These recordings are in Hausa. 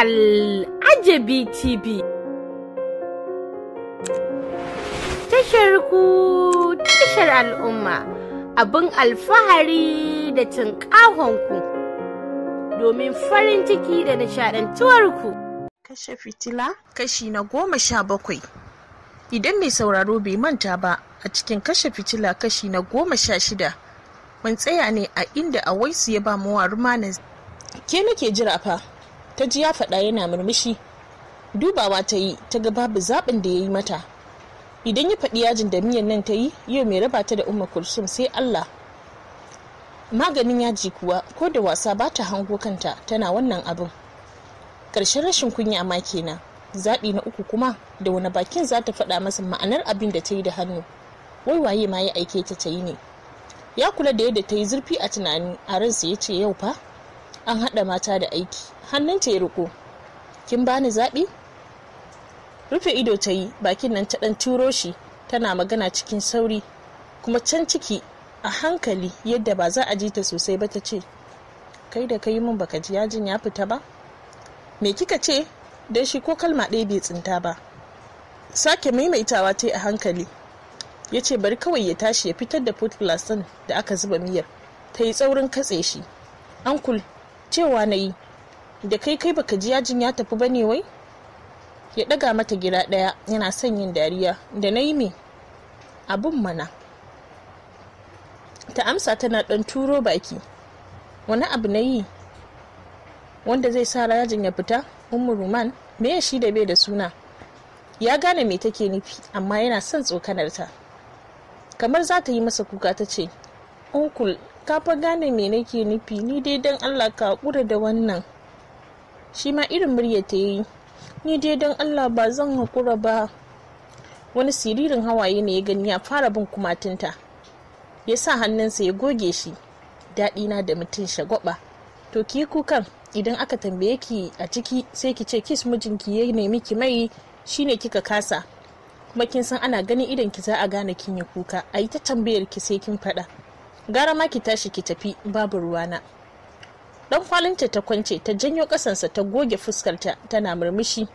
Al'ajabi TV. Tashar ku tashar al'umma abin alfahari da cin ku domin farin ciki da ku. Kashe fitila kashi na goma sha bakwai. Idan mai sauraro bai manta ba a cikin kashe fitila kashi na goma sha shida mun tsaya ne a inda a waisu ya ba mawa rumanin ke nake jira fa ta ji ya faɗa yana murmushi dubawa ta yi ta ga babu zaɓin da ya yi mata idan ya faɗi yajin da miyan nan ta yi yau mai raba ta da umma kulsum sai allah maganin yaji kuwa ko da wasa ba ta hango kanta tana wannan abin ƙarshen rashin kunya ma kenan zaɓi na uku kuma da wani bakin za ta faɗa masa ma'anar abin da ta yi da hannu wai waye ma ya aike ta ta yi ne ya kula da yadda ta yi zurfi a tunani a ransa ya ce yau fa an haɗa mata da aiki hannunta ya riko kin bani zaɓi rufe ido ta yi bakin nan ta ɗan turo shi tana magana cikin sauri kuma can ciki a hankali yadda ba za a ji ta sosai ba ta ce kai da kai mun baka ji yajin ya fita ba me kika ce dan shi ko kalma ɗaya bai tsinta ba sake maimaitawa ta yi a hankali ya ce bari kawai ya tashi ya fitar da food da aka zuba miyar ta yi tsaurin katse shi ankul cewa na yi da kai kai baka ji yajin ya tafi ba ne wai ya ɗaga mata gira ɗaya yana son yin dariya da na yi me abin mana ta amsa tana ɗan turo baki wani abu na yi wanda zai sa rajin ya fita umar ruman me shi da bai da suna ya gane me take nufi amma yana son tsokanarta kamar za ta yi masa kuka ta ce uncle ka fa gane me nake nufi ni dai don Allah ka hakura da wannan shi ma irin murya ta yi ni dai don Allah ba zan hakura ba wani siririn hawaye ne ya gani ya fara bin kumatinta ya sa hannunsa ya goge shi daɗi na da mutum shagwaba to ki kukan idan aka tambaye ki a ciki sai ki ce kis mijinki ya nemi ki mai shine kika kasa kuma kin san ana ganin idan ki za a gane kin yi kuka a yi ta tambayar ki sai kin faɗa gara ma ki tashi ki tafi babu ruwana dan kwalinta ta kwance ta janyo kasansa ta goge fuskarta tana murmushi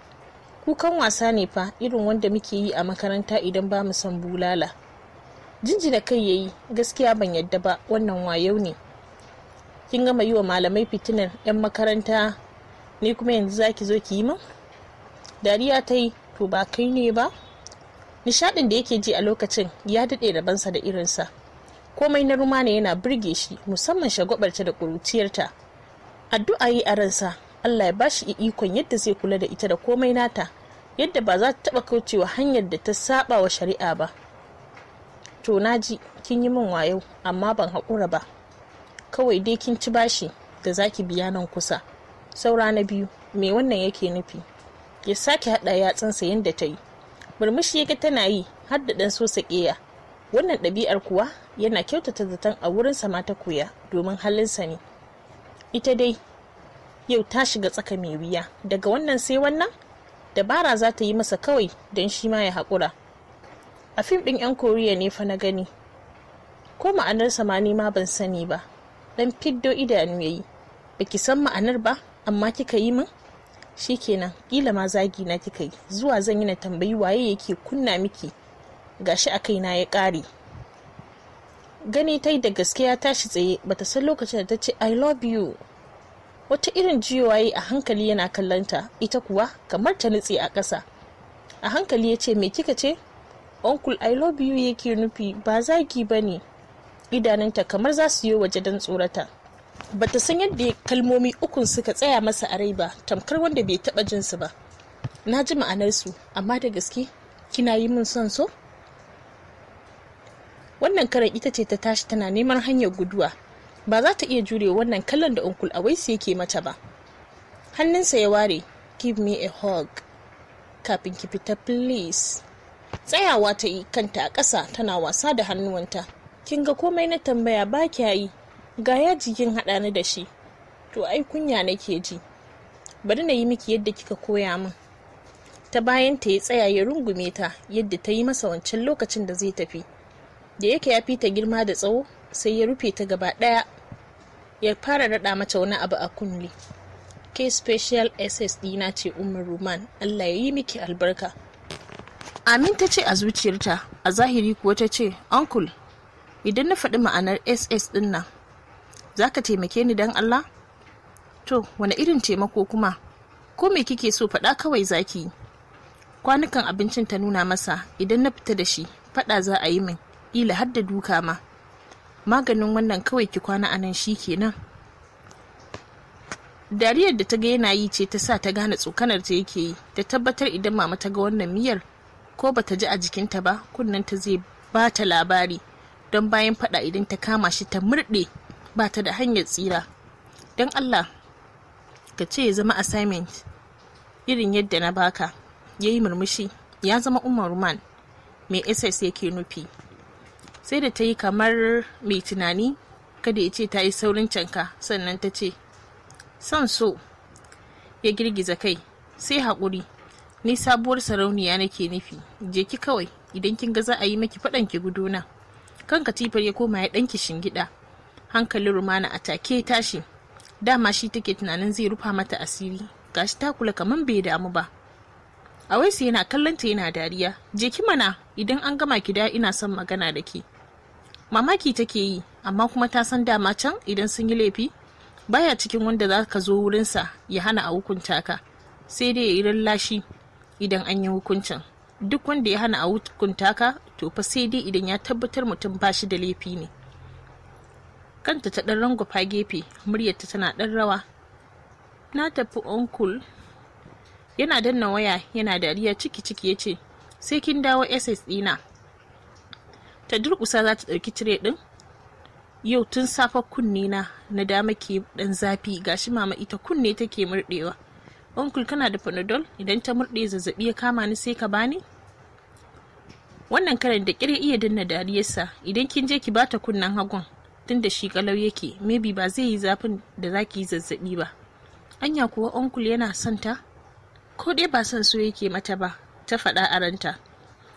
kukan wasa ne fa irin wanda muke yi a makaranta idan ba mu san bulala jinjina kai yayi gaskiya ban yadda ba wannan wayau ne kin gama yi wa malamai fitinar 'yan makaranta ne kuma yanzu zaki zo ki yi min dariya ta yi to ba kai ne ba nishadin da yake ji a lokacin ya daɗe rabansa da irinsa komai na ruma ne yana burge shi musamman shagwabarta da ƙuruciyarta addu'a yi a ransa allah ya bashi ikon yadda zai kula da ita da komai nata yadda ba za ta taɓa kaucewa hanyar da ta saba wa shari'a ba to naji kin yi min wayo amma ban haƙura ba kawai dai kin ci bashi da zaki biya nan kusa saura na biyu me wannan yake nufi ya sake haɗa yatsansa yadda ta yi murmushi ya ga tana yi har da ɗan sosa ƙeya wannan ɗabi'ar kuwa yana kyautata zaton a wurin sama ta koya domin halinsa ne ita dai yau ta shiga tsaka mai wuya daga wannan sai wannan dabara za ta yi masa kawai don shi ma ya haƙura a fim ɗin 'yan koriya ne fa na gani ko ma'anar ma ni ma ban sani ba dan fiddo idanu ya yi. baki san ma'anar ba amma kika yi min Shi kenan, ƙila ma zagi na kika yi zuwa zan yi na tambayi waye yake kunna miki gashi a kai na ya ƙare gani ta yi da gaskiya tashi tsaye bata san lokacin da ta ce i love you wata irin jiyowa yi a hankali yana kallanta ita kuwa kamar ta nutse a ƙasa a hankali ya ce me kika ce uncle i love you yake nufi ba zagi ba ne idanunta kamar za su yi waje don tsorata bata san yadda kalmomi ukun suka tsaya masa a rai ba tamkar wanda bai taba jinsu ba na ji ma'anarsu amma da gaske kina yi min son so wannan karan ita ce ta tashi tana neman hanyar guduwa ba za ta iya jure wannan kallon da unkul awaisi yake mata ba hannunsa ya ware give me a hug kafin ki fita please tsayawa ta yi kanta a ƙasa tana wasa da hannuwanta kin ga komai na tambaya ba kya yi ga ya jikin haɗa ni da shi to ai kunya nake ji bari na yi miki yadda kika koya min ta bayan ta ya tsaya ya rungume ta yadda ta yi masa wancan lokacin da zai tafi da yake ya fita girma da tsawo sai ya rufe ta gaba ɗaya ya fara raɗa mata wani abu a kunne ke special ss dina ce umar roman allah ya yi miki albarka amin ta ce a zuciyarta a zahiri kuwa ta ce uncle idan na faɗi ma'anar ss din nan za ka taimake ni don allah to wani irin taimako kuma ko me kike so faɗa kawai zaki kwanukan abincin ta nuna masa idan na fita da shi faɗa za a yi min kila har da duka ma maganin wannan kawai ki kwana a nan shi kenan dariyar da ta ga yana yi ce ta sa ta gane tsokanar ta yake yi ta tabbatar idan mama ta ga wannan miyar ko ba ta ji a jikinta ba kunnen ta zai ba ta labari don bayan fada idan ta kama shi ta murɗe ba ta da hanyar tsira don allah ka ce ya zama assignment irin yadda na baka ya yi murmushi ya zama umar man mai ss yake nufi sai da ta yi kamar mai tunani kada ya ce ta yi saurin canka sannan ta ce son so ya girgiza kai sai haƙuri ni sabuwar sarauniya nake nufi je ki kawai idan kin ga za a yi maki faɗan ki na kan katifar ya koma ya ɗanki shingiɗa hankalin rumana a take tashi dama shi take tunanin zai rufa mata asiri gashi ta kula kamar bai damu ba a waisu yana kallonta yana dariya je ki mana idan an gama ki da ina son magana da ke mamaki take yi amma kuma ta san dama can idan sun yi laifi baya cikin wanda za ka zo wurinsa ya hana a hukunta ka sai dai ya yi lallashi idan an yi hukuncin duk wanda ya hana a hukunta ka to fa sai dai idan ya tabbatar mutum ba shi da laifi ne kanta ta ɗan rangwafa gefe muryarta tana ɗan rawa na tafi onkul yana danna waya yana dariya ciki ciki ya ce sai kin dawo ss ɗina ta durƙusa za ta ɗauki tire ɗin yau tun safa kunne na na dama ke ɗan zafi gashi mama ita kunne take murɗewa onkul kana da panadol idan ta murɗe zazzaɓi ya kama ni sai ka bani wannan karen da ƙirya iya danna dariyarsa idan kin je ki bata kunnen hagun tun da shi kalau yake maybe ba zai yi zafin da za ki yi zazzaɓi ba anya kuwa onkul yana son ta ko dai ba son so yake mata ba ta faɗa a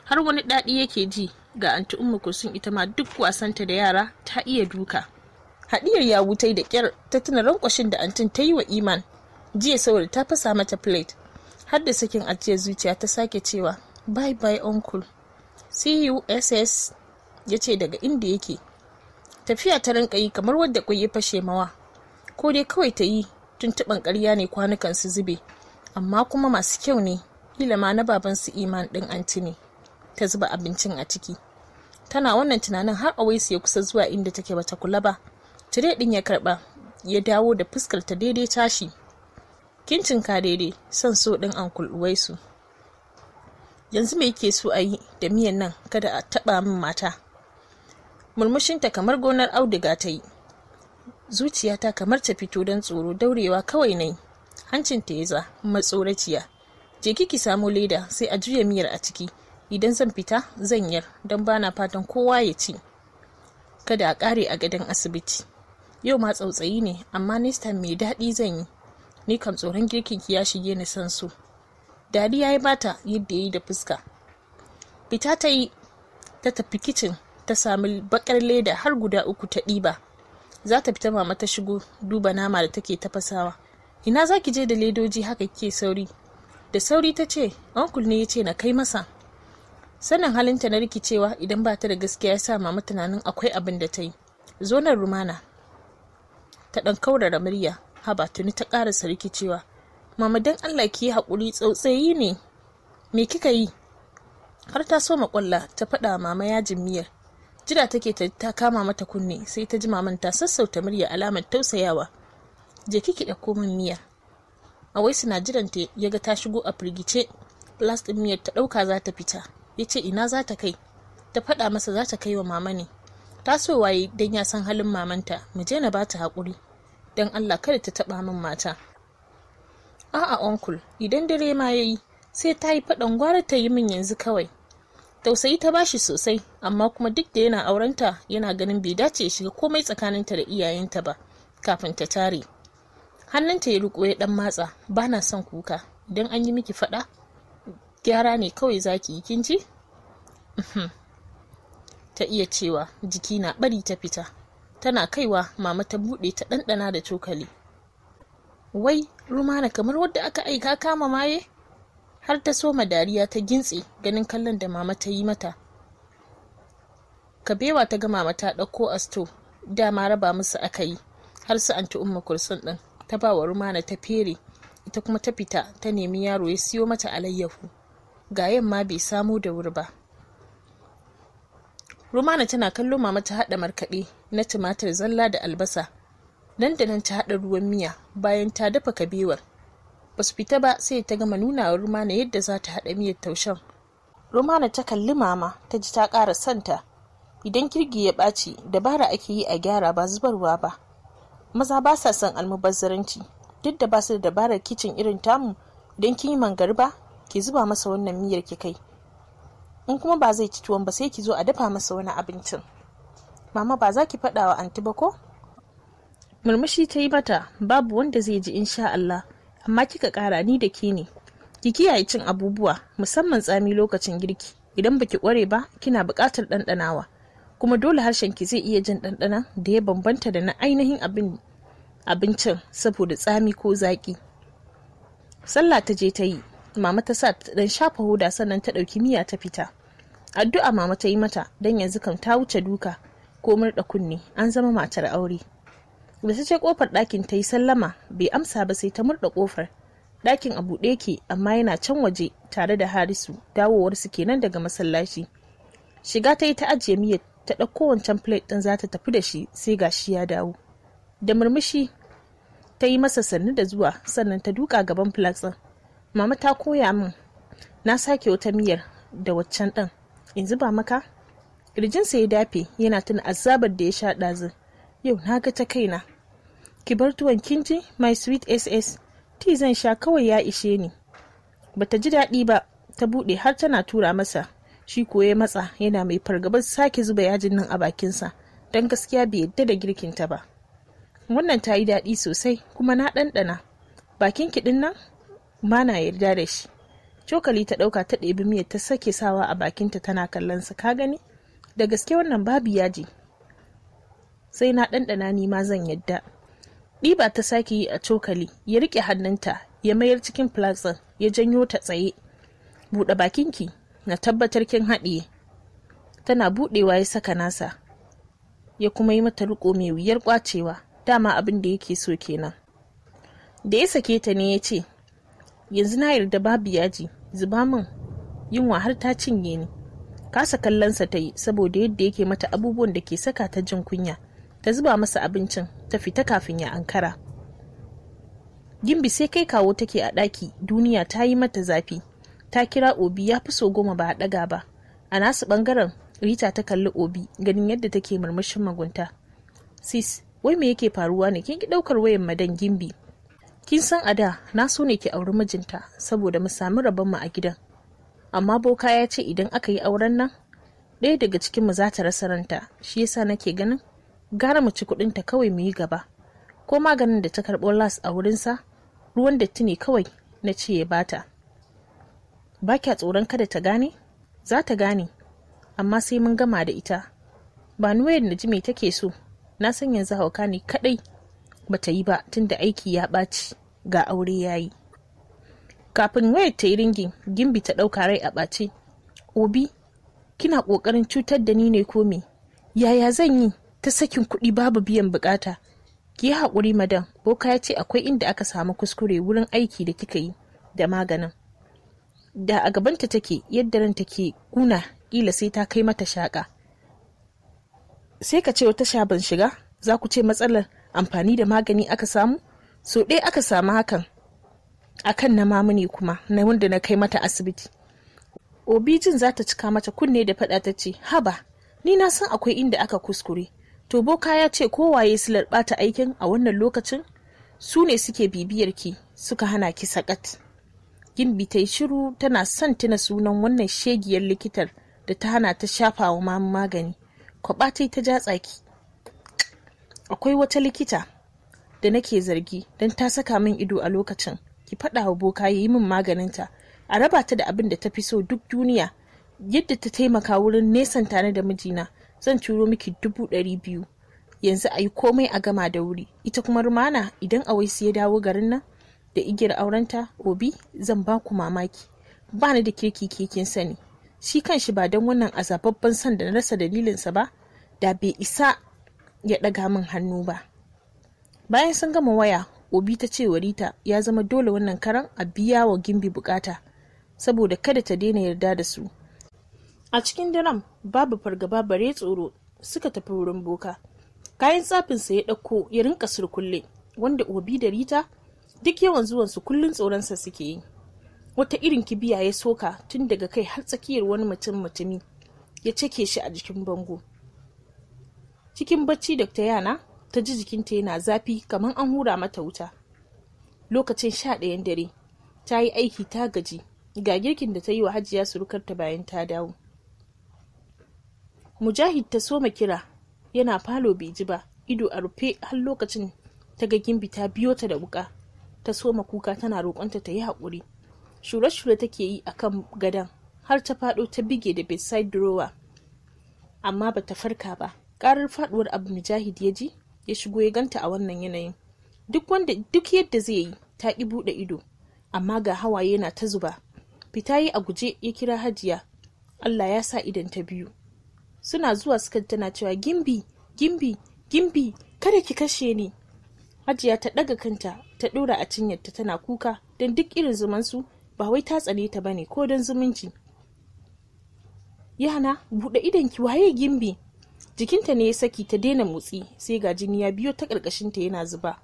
har wani daɗi yake ji ga anti umma kursun ita ma duk wasanta da yara ta iya duka hadiyar ya wutai da kyar ta tuna rankwashin da antin ta yi wa iman jiya saboda ta fasa mata plate har da sakin ajiyar zuciya ta sake cewa bye bye uncle cuss ya ce daga inda yake tafiya ta rinka yi kamar wadda kwai ya fashe mawa ko dai kawai ta yi tuntuɓan karya ne kwanukan su zube amma kuma masu kyau ne kila ma na baban su iman ɗin anti ne ta zuba abincin a ciki tana wannan tunanin har a awaisu ya kusa zuwa inda take bata kula ba tire din ya karba ya dawo da fuskar ta daidai tashi kincin ka daidai son so din ankul su. yanzu me ke so a yi da miyan nan kada a taba min mata murmushinta kamar gonar auduga ta yi zuciyata kamar ta fito don tsoro daurewa kawai nai hancin ta ya za matsoraciya je ki samu leda sai a juya miyar a ciki idan zan fita zan yar don bana fatan kowa ya ci kada a ƙare a gadon asibiti yau ma tsautsayi ne amma nista mai daɗi zan yi ni kam tsoron girkin ki ya shige ni san su dariya ya bata yadda ya yi da fuska fita ta yi ta tafi kicin ta sami bakar leda har guda uku ta ɗiba za ta fita mama ta shigo duba nama da take tafasawa ina za ki je da ledoji haka ke sauri da sauri ta ce onkul ne ya ce na kai masa sanin halinta na rikicewa idan ba ta da gaskiya ya sa mama tunanin akwai abin da ta yi zonar rumana ta ɗan kaurara murya haba tuni ta ƙarasa rikicewa mama don allah ki yi haƙuri tsautsayi ne me kika yi har ta so maƙwalla ta faɗa mama yajin miyar jira take ta, ta kama mata kunne sai ta ji maman ta sassauta murya alamar tausayawa je kiki da min miya? a waisu na jiranta ya ga ta shigo a firgice plas miyar ta ɗauka za ta fita ya ce ina za ta kai ta faɗa masa za ta kai wa mama ne Ta taso waye don ya san halin mamanta mu je na bata haƙuri don allah kada ta taɓa min mata a'a onkul idan dare ma ya yi sai ta yi faɗan gwara ta yi min yanzu kawai tausayi ta bashi sosai amma kuma duk da yana aurenta yana ganin bai dace ya shiga komai tsakaninta da iyayenta ba kafin ta tare hannunta ya riko ya ɗan matsa ba na son kuka idan an yi miki faɗa gyara ne kawai za ki yi kin ji uhm. ta iya cewa jiki na bari ta fita tana kaiwa mama ta buɗe ta ɗanɗana da cokali wai rumana kamar wadda aka aika kama maye har ta soma dariya ta gintse ganin kallon da mama ta yi mata kabewa ta ga mama ta ɗauko asto dama raba musu aka yi har su anti umma kursun ɗin ta ba wa rumana ta fere ita kuma ta fita ta nemi yaro ya siyo mata alayyahu ga yamma bai samu da wuri ba rumana tana kallo mama ta haɗa markaɗe na tumatir zalla da albasa nan da nan ta haɗa ruwan miya bayan ta dafa kabewar ba su fita ba sai ta gama nuna wa rumana yadda za ta haɗa miyar taushen rumana ta kalli mama ta ji ta ƙara santa idan kirgi ya ɓaci dabara ake yi a gyara ba zubarwa ba maza ba sa son almubazzaranci duk da ba su da dabarar kicin irin tamu don kin yi mangarba ki zuba masa wannan miyar ki kai in kuma ba zai ci tuwon ba sai ki zo a dafa masa wani abincin mama ba za ki faɗa wa anti ba ko murmushi ta yi mata babu wanda zai ji insha Allah amma kika ƙara ni da ke ne ki kiyaye cin abubuwa musamman tsami lokacin girki idan ba ki kware ba kina buƙatar ɗanɗanawa kuma dole harshen ki zai iya jin ɗanɗana da ya bambanta da na ainihin abin abincin saboda tsami ko zaƙi sallah ta je ta yi mama ta sa ta dan shafa hoda sannan ta ɗauki miya ta fita addu'a mama ta yi mata don yanzu kam ta wuce duka ko murɗa kunne an zama matar aure da ta ce kofar ɗakin ta yi sallama bai amsa ba sai ta murɗa kofar ɗakin a buɗe ke amma yana can waje tare da harisu dawowar dawowarsu kenan daga masallaci shiga ta yi ta ajiye miyar ta ɗauko wancan plate ɗin za ta tafi da shi sai gashi ya dawo da murmushi ta yi masa sannu da zuwa sannan ta duka gaban plate mama ta koya min na sake wata miyar da waccan ɗan Yanzu ba maka Ƙirjinsa ya dafe yana tuna azabar da ya sha ɗazin yau na ga ta kaina ki bar tuwon kinji my sweet ss T zan sha kawai ya ishe ni bata ji daɗi ba ta buɗe har tana tura masa shi ko ya matsa yana mai fargabar sake zuba yajin nan a bakinsa don gaskiya bai yadda da girkinta ba wannan ta yi daɗi sosai kuma na ɗanɗana bakin kiɗin nan ba na yarda da shi cokali ta ɗauka ta ɗebi miyar ta sake sawa a bakinta tana kallon sa ka gani da gaske wannan babu yaji sai na ɗanɗana ni ma zan yadda ɗiba ta sake yi a cokali ya rike hannunta ya mayar cikin plaza ya janyo ta tsaye buɗe bakin ki, na tabbatar kin haɗiye tana buɗewa ya saka nasa ya kuma yi mata riƙo mai wuyar kwacewa dama abin da yake so kenan da ya sake ta ne ya ce yanzu na yarda babu yaji zuba min yunwa har ta cinye ni kasa kallonsa ta yi saboda yadda yake mata abubuwan da ke saka ta jin kunya ta zuba masa abincin ta fita kafin ya ankara gimbi sai kai kawo take a ɗaki duniya ta yi mata zafi ta kira obi ya fi so goma ba a ɗaga ba a nasu ɓangaren rita ta kalli obi ganin yadda take murmushin magunta sis wai me yake faruwa ne kin ki ɗaukar wayan madan gimbi kin san a da na so ne ki auri mijinta saboda mu sami rabon mu a gidan amma boka ya ce idan aka yi auren nan ɗaya daga cikin mu za ta rasa ranta shi yasa nake ganin gara mu ci kuɗin ta kawai mu yi gaba ko maganin da ta karɓo las a wurinsa ruwan datti ne kawai na ce ya bata ba kya tsoron kada ta gane za ta gane amma sai mun gama da ita ba nuwayar da jimi ji me take so na san yanzu hauka ne kaɗai bata yi ba tunda aiki ya ɓaci ga aure ya yi kafin wayar ta yi ringin gimbi ta ɗauka rai a ɓace obi kina ƙoƙarin cutar da ni ne ko me yaya zan yi ta sakin kuɗi babu biyan bukata ki yi haƙuri madam boka ya ce akwai inda aka samu kuskure wurin aiki da kika yi da maganin da a gabanta take yadda ranta ke kuna ƙila sai ta kai mata shaƙa sai ka ce wata shaban shiga za ku ce matsalar amfani da magani aka samu so ɗaya aka samu hakan akan na mamuni kuma na wanda na kai mata asibiti obijin za ta cika mata kunne da faɗa ta ce haba ni na san akwai inda aka kuskure to boka ya ce kowaye su ɓata aikin a wannan lokacin su ne suke bibiyar ki suka hana ki sakat gimbi ta shiru tana son tuna sunan wannan shegiyar likitar da ta hana ta shafa wa mamu magani kwaɓa ta ja tsaki akwai wata likita da nake zargi don ta saka min ido a lokacin ki faɗa wa boka ya yi min maganinta a raba ta da abin da ta fi so duk duniya yadda ta taimaka wurin nesan tare da mijina zan turo miki dubu ɗari biyu yanzu a yi komai a gama da wuri ita kuma rumana idan a awaisu ya dawo garin nan da igiyar aurenta obi zan ba ku mamaki ba ni da kirki kekin sani shi kanshi ba don wannan azababban san da na rasa dalilinsa ba da bai isa ya ɗaga min hannu ba bayan sun gama waya obi ta ce wa rita ya zama dole wannan karan a biya wa gimbi bukata saboda kada ta daina yarda da su a cikin daren babu fargaba bare tsoro suka tafi wurin boka kayan tsafinsa ya ɗauko ya rinka surkulle wanda obi da rita duk yawan zuwansu kullum tsoronsa suke yi wata irin kibiya ya soka tun daga kai har tsakiyar wani mutum mutumi ya cake shi a jikin bango cikin bacci da ta yana ta ji jikinta yana zafi kamar an hura mata wuta lokacin sha ɗayan dare ta yi aiki ta gaji ga girkin da ta yi wa hajiya surukarta bayan ta dawo mujahid ta soma kira yana falo bai ji ba ido a rufe har lokacin ta ga gimbi ta biyo ta da wuka ta soma kuka tana roƙonta ta yi haƙuri shure-shure take yi a kan gadon har ta faɗo ta bige da bedside drawer amma ba ta farka ba karar faduwar abu mujahid ya ji ya shigo ya ganta a wannan yanayin duk wanda duk yadda zai yi ta ki bude ido amma ga hawaye na ta zuba fita yi a guje ya kira hajiya allah ya sa idan ta biyu suna zuwa suka tana cewa gimbi gimbi gimbi kada ki kashe ni hajiya ta daga kanta ta dora a cinyarta tana kuka don duk irin zumansu ba wai ta tsane ta bane ko don zumunci yana buɗe ki waye gimbi jikinta ne ya saki ta daina motsi sai ga jini ya biyo ta ƙarƙashinta yana zuba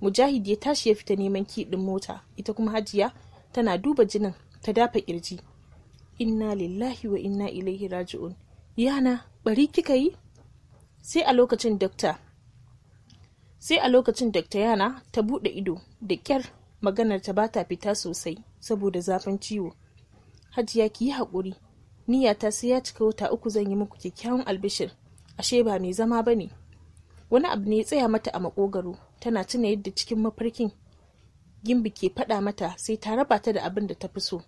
Mujahidi ya tashi ya fita neman kiɗin mota ita kuma hajiya tana duba jinin ta dafa ƙirji inna lillahi wa inna ilaihi raji'un yana bari kika yi sai a lokacin dakta sai a lokacin dakta yana ta buɗe ido da ƙyar maganar ta bata fita sosai saboda zafin ciwo hajiya ki yi haƙuri Niyata sai ya cika wata uku zan yi muku kyakkyawan albishir ashe ba mai zama ba ne wani abu ne ya tsaya mata a makogaro tana tuna yadda cikin mafarkin gimbi ke faɗa mata sai ta raba ta da abin da ta fi so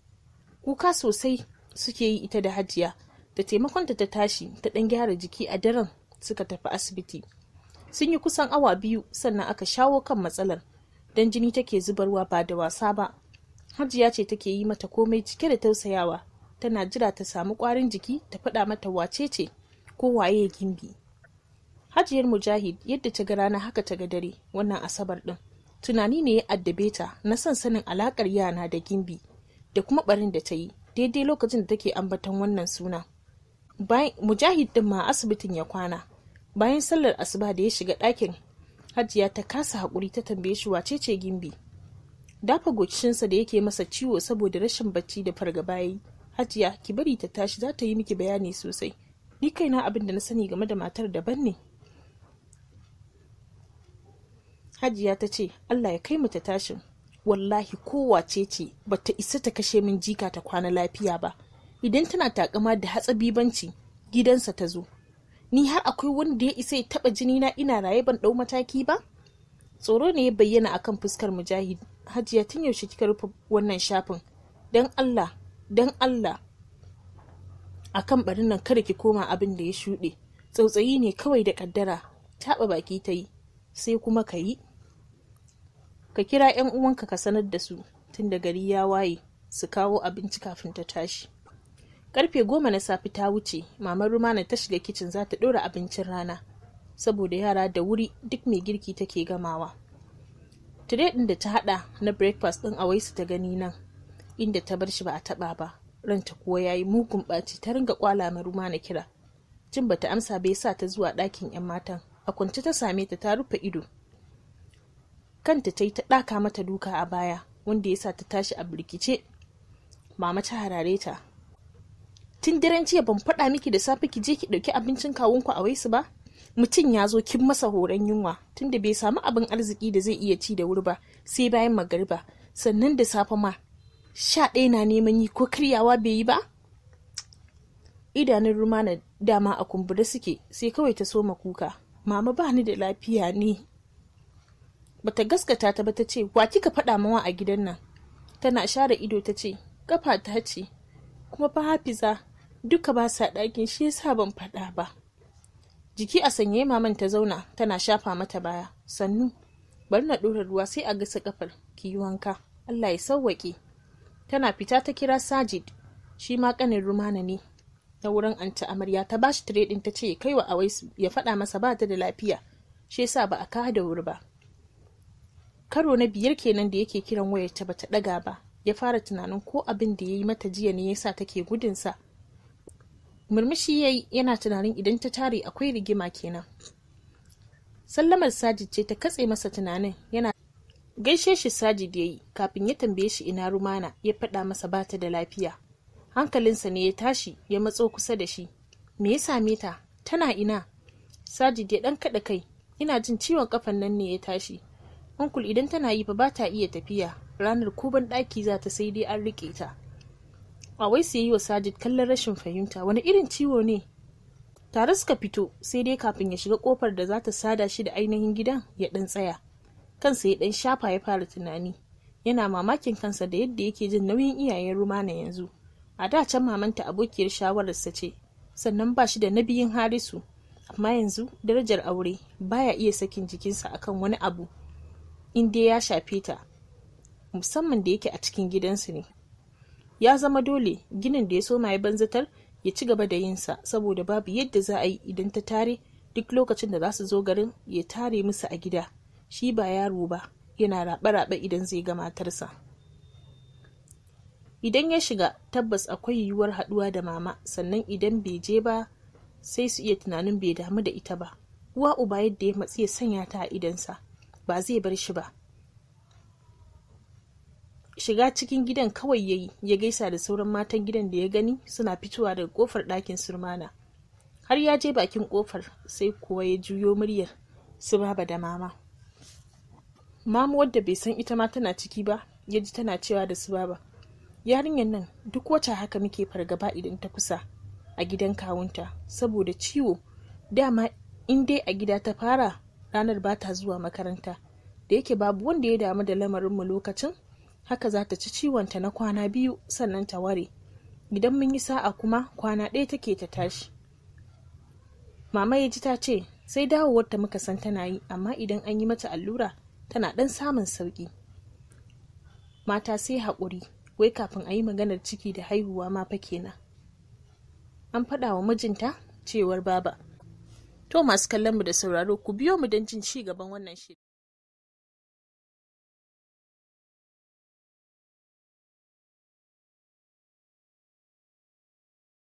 kuka sosai suke yi ita da hajiya da taimakonta ta tashi ta ɗan gyara jiki a daren suka tafi asibiti sun yi kusan awa biyu sannan aka shawo kan matsalar don jini take zubarwa ba da wasa ba hajiya ce take yi mata komai cike da tausayawa tana jira ta samu ƙwarin jiki ta faɗa mata wace ce ko waye gimbi hajiyar mujahid yadda ta ga rana haka ta ga dare wannan asabar ɗin tunani ne ya addabe ta na son sanin alakar yana da gimbi da kuma barin da ta yi daidai lokacin da take ambaton wannan suna mujahid din ma asibitin ya kwana bayan sallar asuba da ya shiga ɗakin hajiya ta kasa haƙuri ta tambaye shi wace ce gimbi dafa gocishinsa da yake masa ciwo saboda rashin bacci da fargaba yi hajiya ki bari ta tashi za ta yi miki bayani sosai ni kaina abin da na sani game da matar daban ne hajiya ta ce allah ya kai mu ta tashin wallahi kowace ce ta isa ta kashe min jika ta kwana lafiya ba idan tana takama da hatsabibanci gidansa ta zo ni har akwai wanda ya isa ya taba jini na ina raye ban dau mataki ba tsoro ne ya bayyana akan fuskar mujahid hajiya tun yaushe kika rufe wannan shafin dan Allah dan Allah A kan barin nan kada ki koma abin da ya shuɗe tsautsayi ne kawai da ƙaddara. taɓa baki ta yi sai kuma ka yi ka kira 'yan uwanka ka sanar da su tun da gari ya waye su kawo abinci kafin ta tashi karfe goma na safe ta wuce mamar rumana ta shiga kicin za ta ɗora abincin rana saboda yara da wuri duk mai girki take gamawa tire ɗin da ta haɗa na breakfast ɗin a waisu ta gani nan inda ta bar shi ba a taɓa ba ranta kuwa yi mugun ɓaci ta ringa kwala mai ruma na kira jin bata amsa bai sa ta zuwa ɗakin 'yan matan a kwance ta same ta ta rufe ido kanta ta yi ta ɗaka mata duka a baya wanda ya sa ta tashi a birkice mama ta harare ta tun daren jiya ban faɗa miki da safe ki je ki ɗauki abincin kawun ku a waisu ba mutum ya zo kin masa horon yunwa tunda bai samu abin arziki da zai iya ci da wuri ba sai bayan magariba sannan da safe ma sha ɗaya na neman yi ko karyawa bai yi ba idanun rumana dama a kumbura suke sai kawai ta soma kuka mama ba ni da lafiya ne bata gaskata ta ba ta ce wa kika faɗa mawa a gidan nan tana share ido ta ce kafa ta ce kuma fa hafiza duka ba sa ɗakin shi yasa ban faɗa ba jiki a sanye maman ta zauna tana shafa mata baya sannu bari na ɗora ruwa sai a gasa kafar ki yi wanka allah ya sauwaƙe tana fita ta kira sajid shi ma kanin rumana ne ta wurin anta amarya ta bashi tire ta ce kai wa awai ya faɗa masa ba ta da lafiya shi yasa ba a kawo da wuri ba karo na biyar kenan da yake kiran wayar ta bata ɗaga ba ya fara tunanin ko abin da ya yi mata jiya ne yasa take gudunsa murmushi ya yi yana tunanin idan ta tare akwai rigima kenan sallamar sajid ce ta katse masa tunanin yana Gaishe shi Sajid ya yi kafin ya tambaye shi ina rumana ya faɗa masa ba ta da lafiya. Hankalinsa ne ya tashi ya matso kusa da shi. Me ya same ta? Tana ina? Sajid ya ɗan kaɗa kai. Ina jin ciwon kafan nan ne ya tashi. Unkul idan tana yi fa ba ta iya tafiya. Ranar kuban ɗaki za ta sai dai an riƙe ta. A wai sai yi wa Sajid kallon rashin fahimta wani irin ciwo ne? Tare suka fito sai dai kafin ya shiga kofar da za ta sada shi da ainihin gidan ya ɗan tsaya. kansa ya dan shafa ya fara tunani yana mamakin kansa da yadda yake jin nauyin iyayen rumana yanzu a da can mamanta abokiyar shawararsa ce sannan ba shi da na biyun harisu amma yanzu darajar aure baya iya sakin jikinsa akan wani abu in dai ya shafe ta musamman da yake a cikin gidansu ne ya zama dole ginin da ya soma ya banzatar ya ci gaba da yinsa saboda babu yadda za a yi idan ta tare duk lokacin da za su zo garin ya tare musu a gida shi ba yaro ba yana raɓe-raɓe idan zai ga matarsa idan ya shiga tabbas akwai yiwuwar haɗuwa da mama sannan idan bai je ba sai su iya tunanin bai damu da ita ba uwa uba yadda ya matsi ya sanya ta a idansa ba zai bar shi ba shiga cikin gidan kawai ya ya gaisa da sauran matan gidan da ya gani suna fitowa daga kofar ɗakin surmana har ya je bakin kofar sai kuwa ya juyo muryar su baba da mama mamu wadda bai san ita ma tana ciki ba ya ji tana cewa da su baba yarinyar nan duk wata haka muke fargaba idan ta kusa a gidan kawunta saboda ciwo dama in dai a gida ta fara ranar ba ta zuwa makaranta da yake babu wanda ya damu da lamarinmu lokacin haka za ta ci ciwonta na kwana biyu sannan ta ware idan mun yi sa'a kuma kwana ɗaya take ta tashi mama ya ji ta ce sai dawowar ta muka san tana yi amma idan an yi mata allura tana ɗan samun sauƙi mata sai haƙuri wai kafin a yi maganar ciki da haihuwa ma fa kenan an faɗa wa mijinta cewar baba to masu kallon mu da sauraro ku biyo mu don jin ci gaban wannan shirin